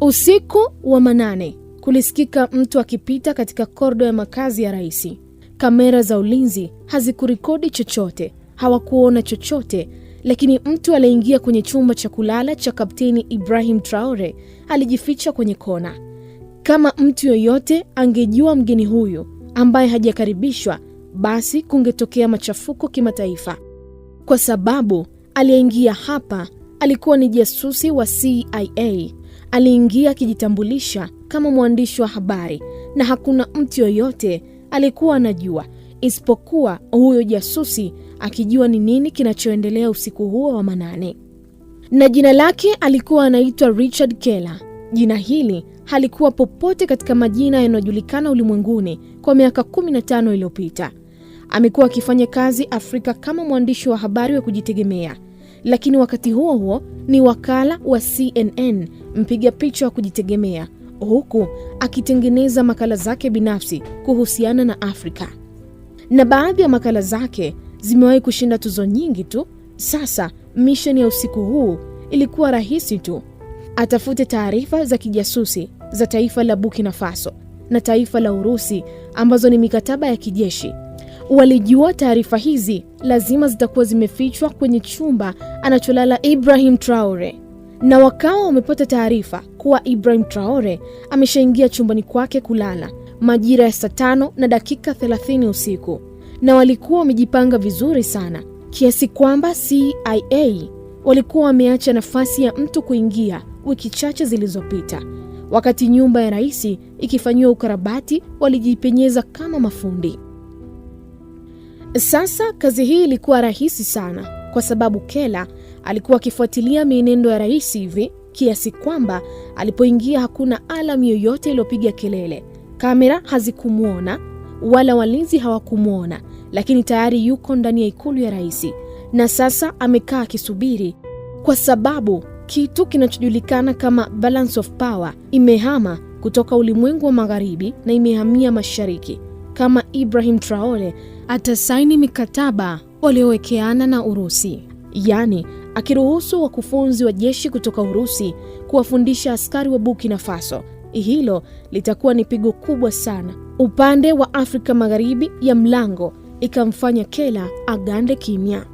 Usiku wa manane kulisikika mtu akipita katika kordo ya makazi ya rais. Kamera za ulinzi hazikurekodi chochote, hawakuona chochote, lakini mtu aliyeingia kwenye chumba cha kulala cha Kapteni Ibrahim Traore alijificha kwenye kona. Kama mtu yoyote angejua mgeni huyu ambaye hajakaribishwa, basi kungetokea machafuko kimataifa, kwa sababu aliyeingia hapa alikuwa ni jasusi wa CIA aliingia akijitambulisha kama mwandishi wa habari, na hakuna mtu yoyote alikuwa anajua isipokuwa huyo jasusi akijua ni nini kinachoendelea usiku huo wa manane. Na jina lake alikuwa anaitwa Richard Keller. Jina hili halikuwa popote katika majina yanayojulikana ulimwenguni kwa miaka 15 iliyopita. Amekuwa akifanya kazi Afrika kama mwandishi wa habari wa kujitegemea lakini wakati huo huo ni wakala wa CNN, mpiga picha wa kujitegemea, huku akitengeneza makala zake binafsi kuhusiana na Afrika, na baadhi ya makala zake zimewahi kushinda tuzo nyingi tu. Sasa misheni ya usiku huu ilikuwa rahisi tu, atafute taarifa za kijasusi za taifa la Burkina Faso na taifa la Urusi ambazo ni mikataba ya kijeshi Walijua taarifa hizi lazima zitakuwa zimefichwa kwenye chumba anacholala Ibrahim Traore, na wakawa wamepata taarifa kuwa Ibrahim Traore ameshaingia chumbani kwake kulala majira ya saa tano na dakika 30 usiku, na walikuwa wamejipanga vizuri sana kiasi kwamba CIA walikuwa wameacha nafasi ya mtu kuingia wiki chache zilizopita. Wakati nyumba ya rais ikifanyiwa ukarabati, walijipenyeza kama mafundi. Sasa kazi hii ilikuwa rahisi sana, kwa sababu Kela alikuwa akifuatilia mienendo ya rais hivi kiasi kwamba alipoingia hakuna alamu yoyote iliyopiga kelele. Kamera hazikumwona wala walinzi hawakumwona, lakini tayari yuko ndani ya ikulu ya rais, na sasa amekaa akisubiri, kwa sababu kitu kinachojulikana kama balance of power imehama kutoka ulimwengu wa magharibi na imehamia mashariki kama Ibrahim Traore atasaini mikataba waliowekeana na Urusi, yaani akiruhusu wakufunzi wa jeshi kutoka Urusi kuwafundisha askari wa Burkina Faso. Hilo litakuwa ni pigo kubwa sana upande wa Afrika Magharibi ya mlango, ikamfanya Kela agande kimya.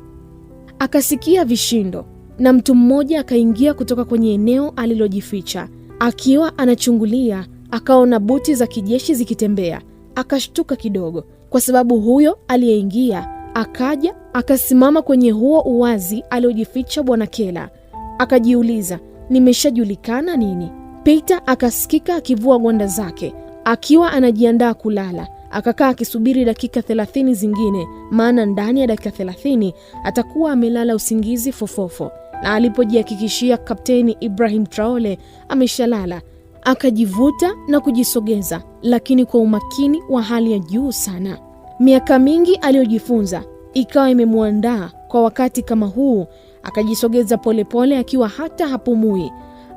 Akasikia vishindo na mtu mmoja akaingia kutoka kwenye eneo alilojificha. Akiwa anachungulia, akaona buti za kijeshi zikitembea akashtuka kidogo, kwa sababu huyo aliyeingia akaja akasimama kwenye huo uwazi aliojificha bwana Kela. Akajiuliza, nimeshajulikana nini? Peter akasikika akivua gwanda zake akiwa anajiandaa kulala. Akakaa akisubiri dakika thelathini zingine, maana ndani ya dakika thelathini atakuwa amelala usingizi fofofo. Na alipojihakikishia Kapteni Ibrahim Traore ameshalala, Akajivuta na kujisogeza, lakini kwa umakini wa hali ya juu sana. Miaka mingi aliyojifunza ikawa imemwandaa kwa wakati kama huu. Akajisogeza polepole, akiwa hata hapumui.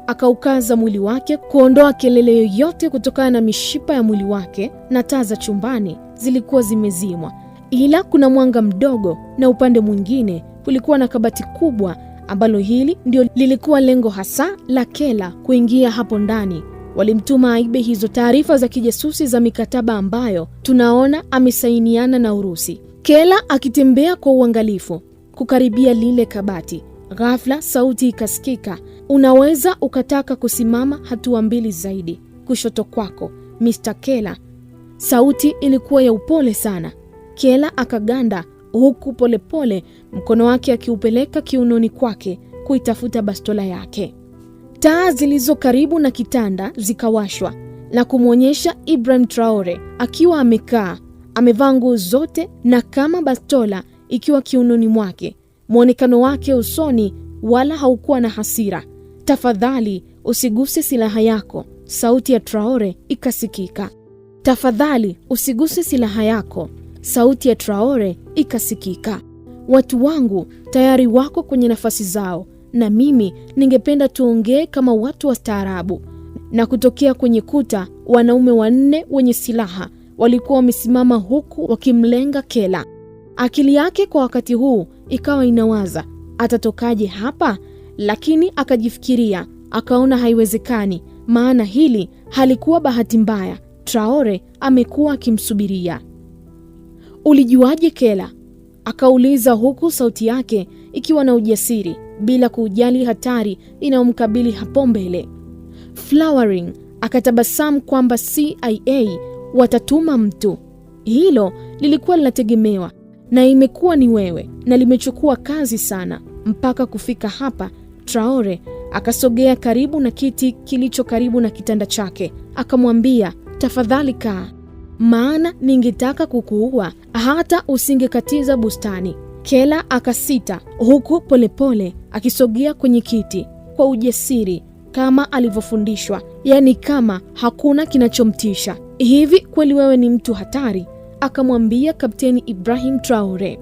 Akaukaza mwili wake kuondoa kelele yoyote kutokana na mishipa ya mwili wake, na taa za chumbani zilikuwa zimezimwa, ila kuna mwanga mdogo, na upande mwingine kulikuwa na kabati kubwa ambalo hili ndio lilikuwa lengo hasa la Kela kuingia hapo ndani walimtuma aibe hizo taarifa za kijasusi za mikataba ambayo tunaona amesainiana na Urusi. Kela akitembea kwa uangalifu kukaribia lile kabati, ghafla sauti ikasikika, unaweza ukataka kusimama hatua mbili zaidi kushoto kwako, Mr. Kela. Sauti ilikuwa ya upole sana. Kela akaganda huku polepole pole, mkono wake akiupeleka kiunoni kwake kuitafuta bastola yake. Taa zilizo karibu na kitanda zikawashwa na kumwonyesha Ibrahim Traore akiwa amekaa, amevaa nguo zote na kama bastola ikiwa kiunoni mwake. Mwonekano wake usoni wala haukuwa na hasira. Tafadhali usiguse silaha yako, sauti ya Traore ikasikika. Tafadhali usiguse silaha yako, sauti ya Traore ikasikika. Watu wangu tayari wako kwenye nafasi zao na mimi ningependa tuongee kama watu wastaarabu. Na kutokea kwenye kuta, wanaume wanne wenye silaha walikuwa wamesimama huku wakimlenga Kela. Akili yake kwa wakati huu ikawa inawaza atatokaje hapa, lakini akajifikiria, akaona haiwezekani, maana hili halikuwa bahati mbaya. Traore amekuwa akimsubiria. Ulijuaje Kela? Akauliza huku sauti yake ikiwa na ujasiri bila kujali hatari inayomkabili hapo mbele. Flowering akatabasamu kwamba CIA watatuma mtu, hilo lilikuwa linategemewa na imekuwa ni wewe, na limechukua kazi sana mpaka kufika hapa. Traore akasogea karibu na kiti kilicho karibu na kitanda chake, akamwambia tafadhali kaa, maana ningetaka kukuua, hata usingekatiza bustani. Kela akasita huku polepole akisogea kwenye kiti kwa ujasiri kama alivyofundishwa, yaani kama hakuna kinachomtisha. Hivi kweli wewe ni mtu hatari? akamwambia Kapteni Ibrahim Traore.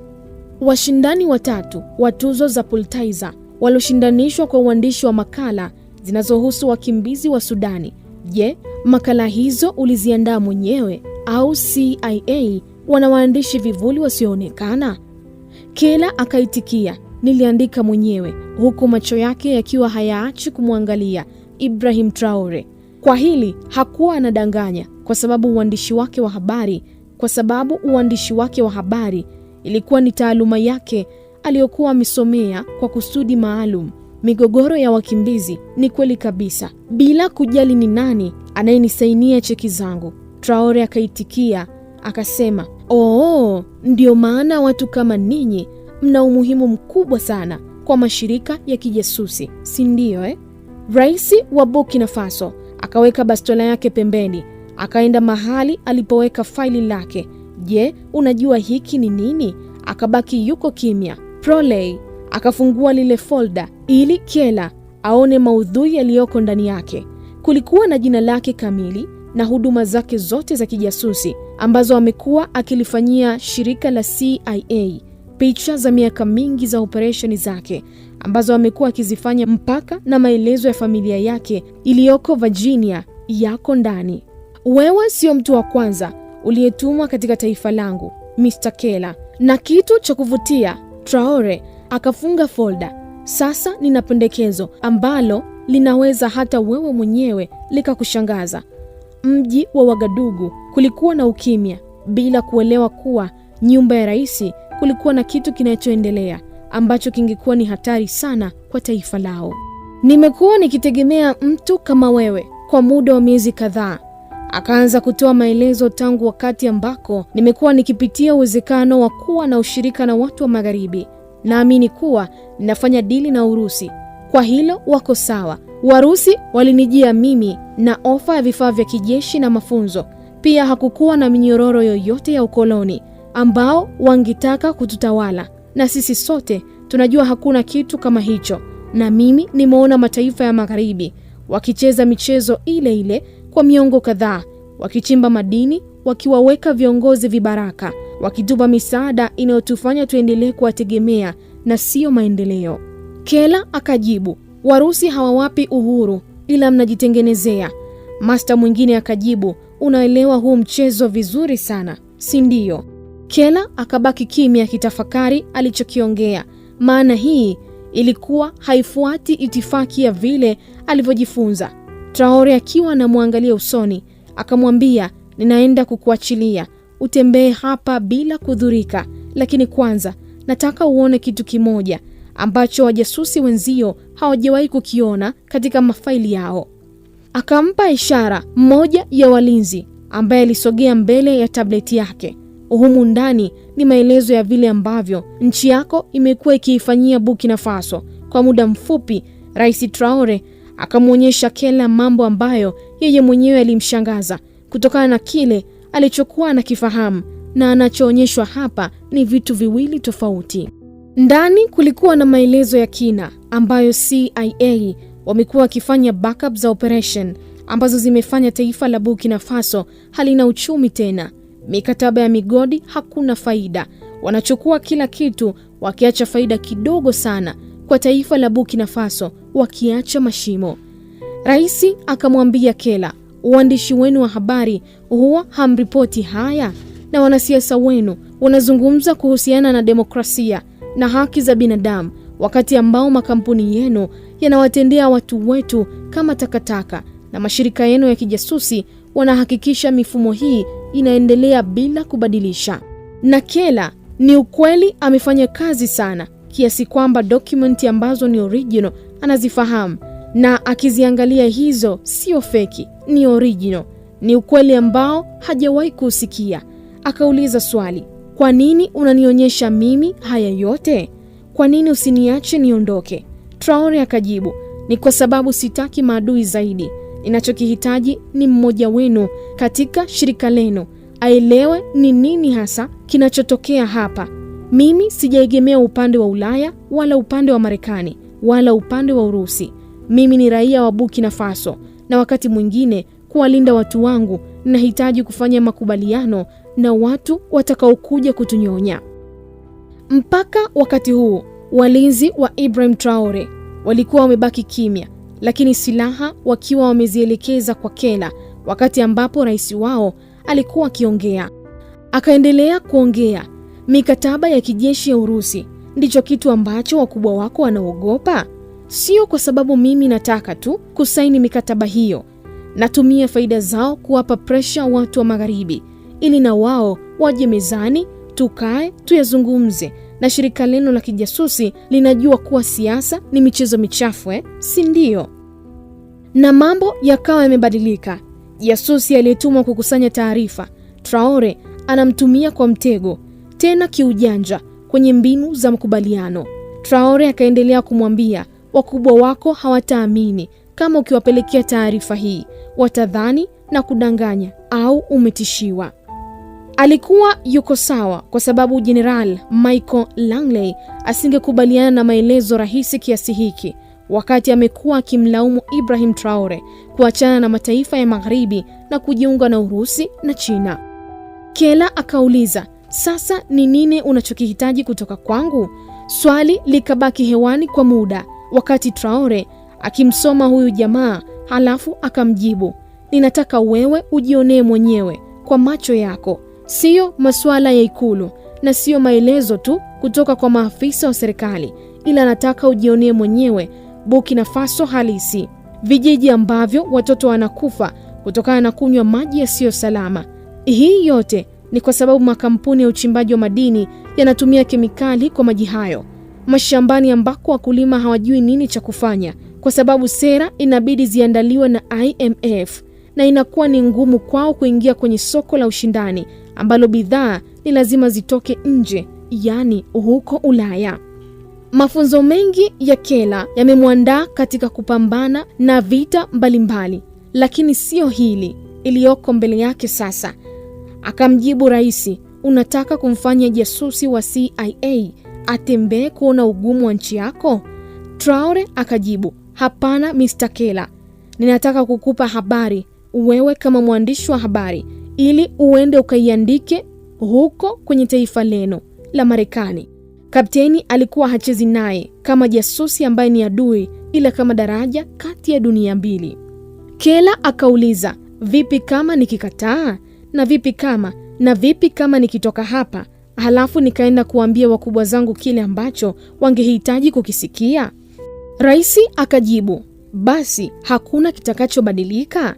Washindani watatu wa tuzo za Pulitzer walioshindanishwa kwa uandishi wa makala zinazohusu wakimbizi wa Sudani. Je, makala hizo uliziandaa mwenyewe au CIA wana waandishi vivuli wasioonekana? Kela akaitikia, niliandika mwenyewe, huku macho yake yakiwa hayaachi kumwangalia Ibrahim Traore. Kwa hili hakuwa anadanganya, kwa sababu uandishi wake wa habari kwa sababu uandishi wake wa habari ilikuwa ni taaluma yake aliyokuwa amesomea kwa kusudi maalum. Migogoro ya wakimbizi ni kweli kabisa, bila kujali ni nani anayenisainia cheki zangu. Traore akaitikia akasema, Oh, ndio maana watu kama ninyi mna umuhimu mkubwa sana kwa mashirika ya kijasusi, si ndio eh? Rais wa Burkina Faso akaweka bastola yake pembeni, akaenda mahali alipoweka faili lake. Je, unajua hiki ni nini? Akabaki yuko kimya. Proley akafungua lile folda ili Kiela aone maudhui yaliyoko ndani yake. Kulikuwa na jina lake kamili na huduma zake zote za kijasusi ambazo amekuwa akilifanyia shirika la CIA, picha za miaka mingi za operesheni zake ambazo amekuwa akizifanya, mpaka na maelezo ya familia yake iliyoko Virginia yako ndani. Wewe sio mtu wa kwanza uliyetumwa katika taifa langu, Mr. Keller. Na kitu cha kuvutia, Traore akafunga folda. Sasa nina pendekezo ambalo linaweza hata wewe mwenyewe likakushangaza mji wa Wagadugu kulikuwa na ukimya, bila kuelewa kuwa nyumba ya rais kulikuwa na kitu kinachoendelea ambacho kingekuwa ni hatari sana kwa taifa lao. Nimekuwa nikitegemea mtu kama wewe kwa muda wa miezi kadhaa, akaanza kutoa maelezo, tangu wakati ambako nimekuwa nikipitia uwezekano wa kuwa na ushirika na watu wa Magharibi. Naamini kuwa ninafanya dili na Urusi, kwa hilo wako sawa, Warusi walinijia mimi na ofa ya vifaa vya kijeshi na mafunzo. Pia hakukuwa na minyororo yoyote ya ukoloni ambao wangetaka kututawala, na sisi sote tunajua hakuna kitu kama hicho. Na mimi nimeona mataifa ya Magharibi wakicheza michezo ile ile kwa miongo kadhaa, wakichimba madini, wakiwaweka viongozi vibaraka, wakitupa misaada inayotufanya tuendelee kuwategemea na siyo maendeleo. Kela akajibu, Warusi hawawapi uhuru, ila mnajitengenezea. Masta mwingine akajibu, unaelewa huu mchezo vizuri sana, si ndio? Kela akabaki kimya kitafakari alichokiongea, maana hii ilikuwa haifuati itifaki ya vile alivyojifunza. Traore akiwa anamwangalia usoni, akamwambia ninaenda kukuachilia utembee hapa bila kudhurika, lakini kwanza nataka uone kitu kimoja ambacho wajasusi wenzio hawajawahi kukiona katika mafaili yao. Akampa ishara mmoja ya walinzi ambaye alisogea mbele ya tableti yake. Humu ndani ni maelezo ya vile ambavyo nchi yako imekuwa ikiifanyia Burkina Faso. Kwa muda mfupi, Rais Traore akamwonyesha kela mambo ambayo yeye mwenyewe alimshangaza kutokana na kile alichokuwa anakifahamu, na anachoonyeshwa hapa ni vitu viwili tofauti. Ndani kulikuwa na maelezo ya kina ambayo CIA wamekuwa wakifanya backup za operation ambazo zimefanya taifa la Burkina Faso halina uchumi tena. Mikataba ya migodi hakuna faida, wanachukua kila kitu, wakiacha faida kidogo sana kwa taifa la Burkina Faso, wakiacha mashimo. Rais akamwambia Kela, uandishi wenu wa habari huwa hamripoti haya na wanasiasa wenu wanazungumza kuhusiana na demokrasia na haki za binadamu, wakati ambao makampuni yenu yanawatendea watu wetu kama takataka na mashirika yenu ya kijasusi wanahakikisha mifumo hii inaendelea bila kubadilisha. Nakela ni ukweli amefanya kazi sana kiasi kwamba dokumenti ambazo ni original anazifahamu na akiziangalia hizo sio feki, ni original, ni ukweli ambao hajawahi kuusikia. Akauliza swali, kwa nini unanionyesha mimi haya yote? Kwa nini usiniache niondoke? Traore akajibu, ni kwa sababu sitaki maadui zaidi. Ninachokihitaji ni mmoja wenu katika shirika lenu aelewe ni nini hasa kinachotokea hapa. Mimi sijaegemea upande wa Ulaya wala upande wa Marekani wala upande wa Urusi. Mimi ni raia wa Burkina Faso, na wakati mwingine kuwalinda watu wangu, ninahitaji kufanya makubaliano na watu watakaokuja kutunyonya. Mpaka wakati huo walinzi wa Ibrahim Traore walikuwa wamebaki kimya, lakini silaha wakiwa wamezielekeza kwa Kela wakati ambapo rais wao alikuwa akiongea. Akaendelea kuongea, mikataba ya kijeshi ya Urusi ndicho kitu ambacho wakubwa wako wanaogopa. Sio kwa sababu mimi nataka tu kusaini mikataba hiyo, natumia faida zao kuwapa presha watu wa Magharibi ili na wao waje mezani, tukae tuyazungumze. Na shirika lenu la kijasusi linajua kuwa siasa ni michezo michafu eh, si ndio? Na mambo yakawa yamebadilika. Jasusi aliyetumwa kukusanya taarifa Traore anamtumia kwa mtego, tena kiujanja, kwenye mbinu za makubaliano. Traore akaendelea kumwambia, wakubwa wako hawataamini kama ukiwapelekea taarifa hii, watadhani na kudanganya au umetishiwa. Alikuwa yuko sawa kwa sababu Jeneral Michael Langley asingekubaliana na maelezo rahisi kiasi hiki wakati amekuwa akimlaumu Ibrahim Traore kuachana na mataifa ya Magharibi na kujiunga na Urusi na China. Kela akauliza, sasa ni nini unachokihitaji kutoka kwangu? Swali likabaki hewani kwa muda, wakati Traore akimsoma huyu jamaa, halafu akamjibu, ninataka wewe ujionee mwenyewe kwa macho yako siyo masuala ya Ikulu na siyo maelezo tu kutoka kwa maafisa wa serikali, ila anataka ujionee mwenyewe Burkina Faso halisi, vijiji ambavyo watoto wanakufa kutokana na kunywa maji yasiyo salama. Hii yote ni kwa sababu makampuni ya uchimbaji wa madini yanatumia kemikali kwa maji hayo, mashambani ambako wakulima hawajui nini cha kufanya, kwa sababu sera inabidi ziandaliwe na IMF na inakuwa ni ngumu kwao kuingia kwenye soko la ushindani ambalo bidhaa ni lazima zitoke nje, yaani huko Ulaya. Mafunzo mengi ya Kela yamemwandaa katika kupambana na vita mbalimbali, lakini siyo hili iliyoko mbele yake sasa. Akamjibu rais, unataka kumfanya jasusi wa CIA atembee kuona ugumu wa nchi yako? Traore akajibu, hapana Mr. Kela, ninataka kukupa habari wewe kama mwandishi wa habari ili uende ukaiandike huko kwenye taifa lenu la Marekani. Kapteni alikuwa hachezi naye kama jasusi ambaye ni adui, ila kama daraja kati ya dunia mbili. Kela akauliza, vipi kama nikikataa? Na vipi kama na vipi kama nikitoka hapa halafu nikaenda kuambia wakubwa zangu kile ambacho wangehitaji kukisikia? Raisi akajibu, basi hakuna kitakachobadilika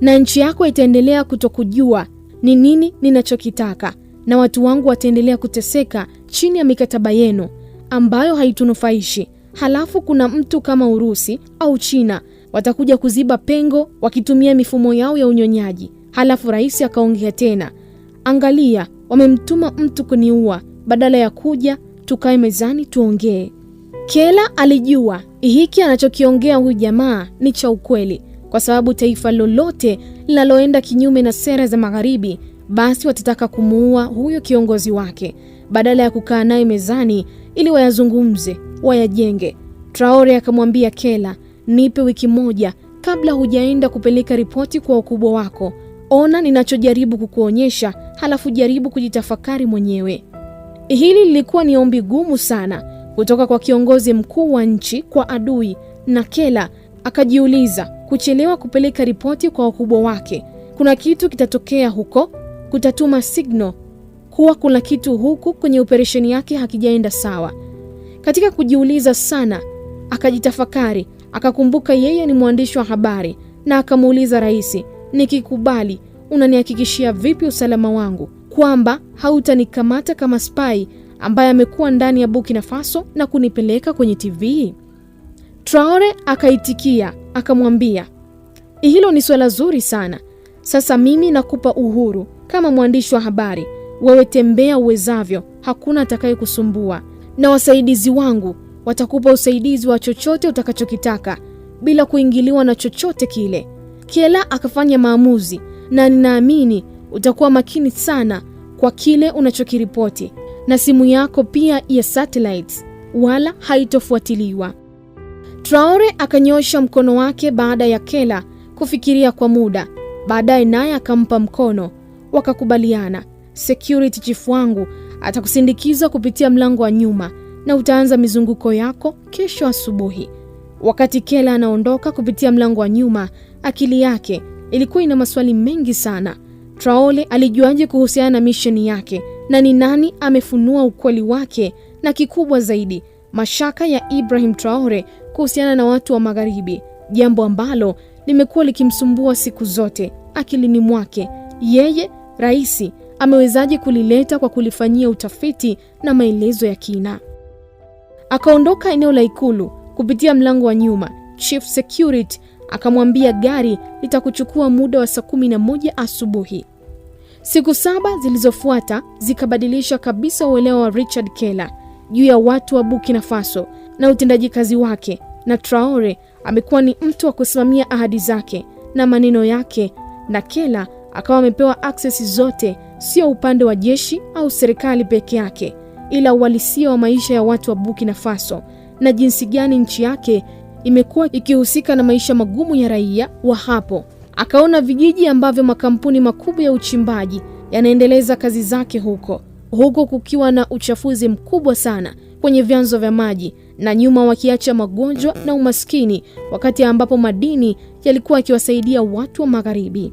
na nchi yako itaendelea kutokujua ni nini ninachokitaka, na watu wangu wataendelea kuteseka chini ya mikataba yenu ambayo haitunufaishi. Halafu kuna mtu kama Urusi au China watakuja kuziba pengo wakitumia mifumo yao ya unyonyaji. Halafu rais akaongea tena, angalia, wamemtuma mtu kuniua badala ya kuja tukae mezani tuongee. Kela alijua hiki anachokiongea huyu jamaa ni cha ukweli, kwa sababu taifa lolote linaloenda kinyume na sera za Magharibi basi watataka kumuua huyo kiongozi wake badala ya kukaa naye mezani ili wayazungumze, wayajenge. Traore akamwambia Kela, nipe wiki moja kabla hujaenda kupeleka ripoti kwa wakubwa wako. Ona ninachojaribu kukuonyesha, halafu jaribu kujitafakari mwenyewe. Hili lilikuwa ni ombi gumu sana kutoka kwa kiongozi mkuu wa nchi kwa adui, na Kela akajiuliza kuchelewa kupeleka ripoti kwa wakubwa wake, kuna kitu kitatokea huko, kutatuma signal kuwa kuna kitu huku kwenye operesheni yake hakijaenda sawa. Katika kujiuliza sana, akajitafakari, akakumbuka yeye ni mwandishi wa habari na akamuuliza rais, nikikubali unanihakikishia vipi usalama wangu, kwamba hautanikamata kama spai ambaye amekuwa ndani ya Burkina Faso na kunipeleka kwenye TV? Traore akaitikia akamwambia, hilo ni swala zuri sana. Sasa mimi nakupa uhuru kama mwandishi wa habari, wewe tembea uwezavyo, hakuna atakayekusumbua, na wasaidizi wangu watakupa usaidizi wa chochote utakachokitaka bila kuingiliwa na chochote kile. Kela akafanya maamuzi, na ninaamini utakuwa makini sana kwa kile unachokiripoti, na simu yako pia ya satellite wala haitofuatiliwa. Traore akanyosha mkono wake baada ya Kela kufikiria kwa muda, baadaye naye akampa mkono, wakakubaliana. Security chief wangu atakusindikiza kupitia mlango wa nyuma na utaanza mizunguko yako kesho asubuhi. Wakati Kela anaondoka kupitia mlango wa nyuma, akili yake ilikuwa ina maswali mengi sana. Traore alijuaje kuhusiana na misheni yake na ni nani amefunua ukweli wake, na kikubwa zaidi, mashaka ya Ibrahim Traore kuhusiana na watu wa Magharibi, jambo ambalo limekuwa likimsumbua siku zote akilini mwake. Yeye rais amewezaje kulileta kwa kulifanyia utafiti na maelezo ya kina. Akaondoka eneo la Ikulu kupitia mlango wa nyuma. Chief Security akamwambia gari litakuchukua muda wa saa kumi na moja asubuhi. Siku saba zilizofuata zikabadilisha kabisa uelewa wa Richard Keller juu ya watu wa Burkina Faso na utendaji kazi wake, na Traore amekuwa ni mtu wa kusimamia ahadi zake na maneno yake, na Kela akawa amepewa aksesi zote, sio upande wa jeshi au serikali peke yake, ila uhalisia wa maisha ya watu wa Burkina Faso na jinsi gani nchi yake imekuwa ikihusika na maisha magumu ya raia wa hapo. Akaona vijiji ambavyo makampuni makubwa ya uchimbaji yanaendeleza kazi zake huko huku kukiwa na uchafuzi mkubwa sana kwenye vyanzo vya maji na nyuma wakiacha magonjwa na umaskini, wakati ambapo madini yalikuwa yakiwasaidia watu wa magharibi.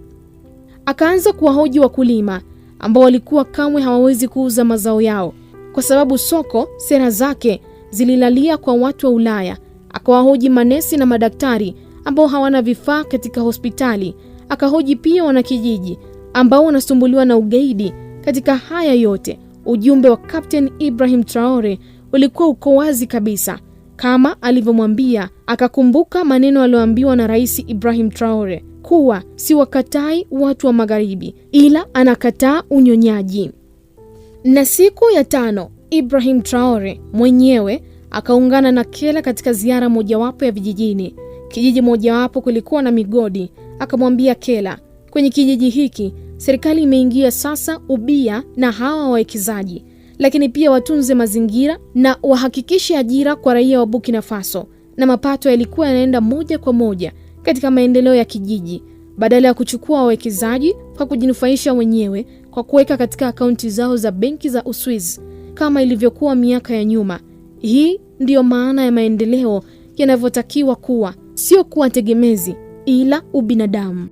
Akaanza kuwahoji wakulima ambao walikuwa kamwe hawawezi kuuza mazao yao kwa sababu soko sera zake zililalia kwa watu wa Ulaya. Akawahoji manesi na madaktari ambao hawana vifaa katika hospitali. Akahoji pia wanakijiji ambao wanasumbuliwa na ugaidi. Katika haya yote Ujumbe wa Captain Ibrahim Traore ulikuwa uko wazi kabisa, kama alivyomwambia. Akakumbuka maneno aliyoambiwa na Rais Ibrahim Traore kuwa si wakatai watu wa magharibi, ila anakataa unyonyaji. Na siku ya tano Ibrahim Traore mwenyewe akaungana na Kela katika ziara mojawapo ya vijijini. Kijiji mojawapo kulikuwa na migodi. Akamwambia Kela, kwenye kijiji hiki serikali imeingia sasa ubia na hawa wawekezaji, lakini pia watunze mazingira na wahakikishe ajira kwa raia wa Burkina Faso, na mapato yalikuwa yanaenda moja kwa moja katika maendeleo ya kijiji badala ya kuchukua wawekezaji kwa kujinufaisha wenyewe kwa kuweka katika akaunti zao za benki za Uswiz kama ilivyokuwa miaka ya nyuma. Hii ndiyo maana ya maendeleo yanavyotakiwa kuwa, sio kuwa tegemezi, ila ubinadamu.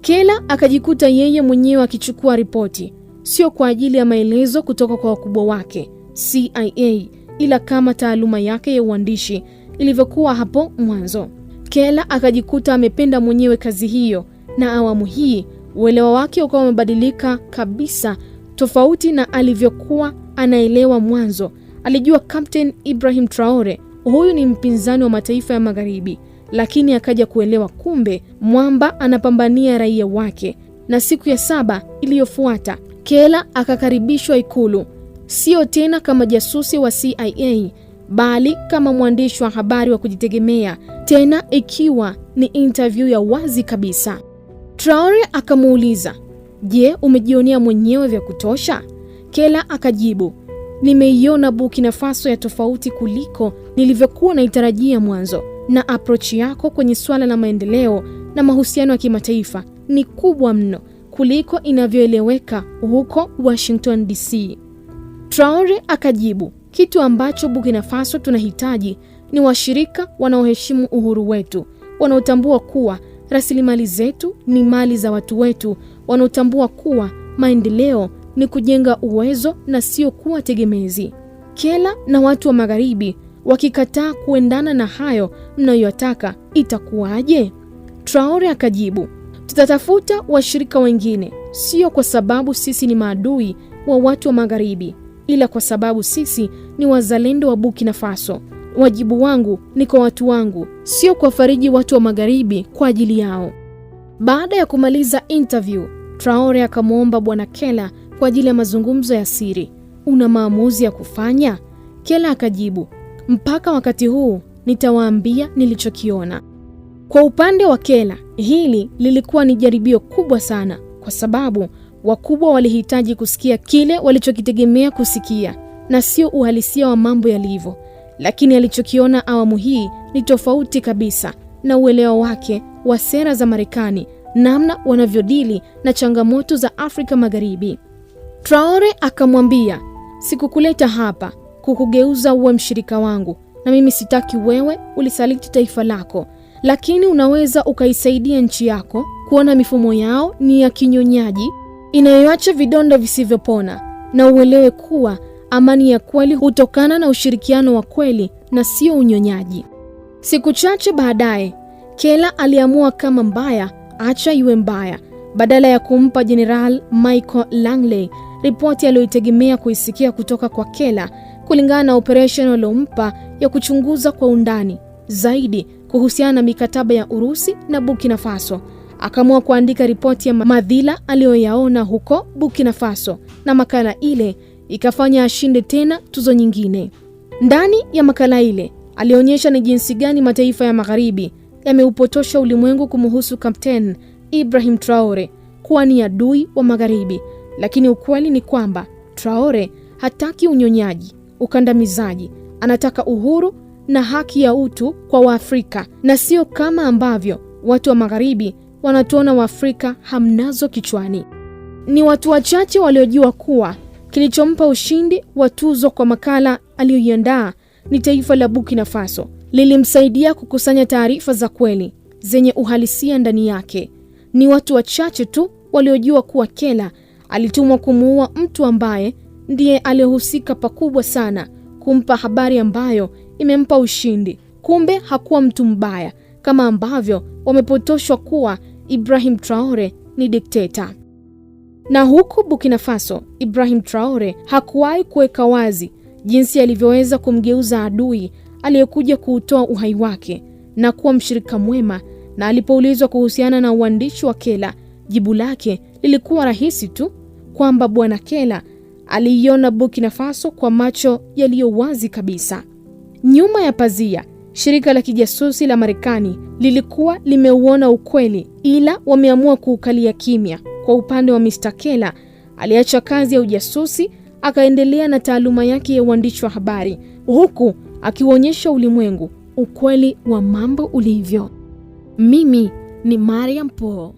Kela akajikuta yeye mwenyewe akichukua ripoti, sio kwa ajili ya maelezo kutoka kwa wakubwa wake CIA, ila kama taaluma yake ya uandishi ilivyokuwa hapo mwanzo. Kela akajikuta amependa mwenyewe kazi hiyo, na awamu hii uelewa wake ukawa umebadilika kabisa, tofauti na alivyokuwa anaelewa mwanzo. Alijua Captain Ibrahim Traore, huyu ni mpinzani wa mataifa ya Magharibi lakini akaja kuelewa kumbe mwamba anapambania raia wake. Na siku ya saba iliyofuata Kela akakaribishwa Ikulu, sio tena kama jasusi wa CIA bali kama mwandishi wa habari wa kujitegemea, tena ikiwa ni interview ya wazi kabisa. Traore akamuuliza, je, umejionea mwenyewe vya kutosha? Kela akajibu, nimeiona Burkina Faso ya tofauti kuliko nilivyokuwa naitarajia mwanzo na aprochi yako kwenye suala la maendeleo na mahusiano ya kimataifa ni kubwa mno kuliko inavyoeleweka huko Washington DC. Traore akajibu, kitu ambacho Burkina Faso tunahitaji ni washirika wanaoheshimu uhuru wetu, wanaotambua kuwa rasilimali zetu ni mali za watu wetu, wanaotambua kuwa maendeleo ni kujenga uwezo na sio kuwa tegemezi. Kela na watu wa Magharibi wakikataa kuendana na hayo mnayoyataka itakuwaje? Traore akajibu, tutatafuta washirika wengine, sio kwa sababu sisi ni maadui wa watu wa Magharibi, ila kwa sababu sisi ni wazalendo wa Burkina Faso. Wajibu wangu ni kwa watu wangu, sio kuwafariji watu wa Magharibi kwa ajili yao. Baada ya kumaliza interview, Traore akamwomba Bwana Kela kwa ajili ya mazungumzo ya siri. Una maamuzi ya kufanya? Kela akajibu, mpaka wakati huu nitawaambia nilichokiona. Kwa upande wa Kela, hili lilikuwa ni jaribio kubwa sana, kwa sababu wakubwa walihitaji kusikia kile walichokitegemea kusikia na sio uhalisia wa mambo yalivyo. Lakini alichokiona awamu hii ni tofauti kabisa na uelewa wake wa sera za Marekani, namna wanavyodili na changamoto za Afrika Magharibi. Traore akamwambia, sikukuleta hapa kukugeuza uwe mshirika wangu, na mimi sitaki wewe ulisaliti taifa lako, lakini unaweza ukaisaidia nchi yako kuona mifumo yao ni ya kinyonyaji inayoacha vidonda visivyopona, na uelewe kuwa amani ya kweli hutokana na ushirikiano wa kweli na sio unyonyaji. Siku chache baadaye, Kela aliamua kama mbaya acha iwe mbaya, badala ya kumpa Jeneral Michael Langley ripoti aliyoitegemea kuisikia kutoka kwa Kela kulingana na operesheni waliompa ya kuchunguza kwa undani zaidi kuhusiana na mikataba ya Urusi na Burkina Faso. Akaamua kuandika ripoti ya madhila aliyoyaona huko Burkina Faso, na makala ile ikafanya ashinde tena tuzo nyingine. Ndani ya makala ile alionyesha ni jinsi gani mataifa ya magharibi yameupotosha ulimwengu kumhusu Kapteni Ibrahim Traore kuwa ni adui wa magharibi, lakini ukweli ni kwamba Traore hataki unyonyaji, ukandamizaji, anataka uhuru na haki ya utu kwa Waafrika na sio kama ambavyo watu wa magharibi wanatuona Waafrika hamnazo kichwani. Ni watu wachache waliojua kuwa kilichompa ushindi wa tuzo kwa makala aliyoiandaa ni taifa la Burkina Faso lilimsaidia kukusanya taarifa za kweli zenye uhalisia ndani yake. Ni watu wachache tu waliojua kuwa Kela alitumwa kumuua mtu ambaye ndiye aliyehusika pakubwa sana kumpa habari ambayo imempa ushindi. Kumbe hakuwa mtu mbaya kama ambavyo wamepotoshwa kuwa Ibrahim Traore ni dikteta. Na huko Burkina Faso, Ibrahim Traore hakuwahi kuweka wazi jinsi alivyoweza kumgeuza adui aliyekuja kuutoa uhai wake na kuwa mshirika mwema, na alipoulizwa kuhusiana na uandishi wa Kela, jibu lake lilikuwa rahisi tu kwamba Bwana Kela aliiona Burkina Faso kwa macho yaliyo wazi kabisa. Nyuma ya pazia, shirika la kijasusi la Marekani lilikuwa limeuona ukweli, ila wameamua kuukalia kimya. Kwa upande wa Mr. Kela, aliacha kazi ya ujasusi akaendelea na taaluma yake ya uandishi wa habari, huku akiwaonyesha ulimwengu ukweli wa mambo ulivyo. Mimi ni Mariam Poe.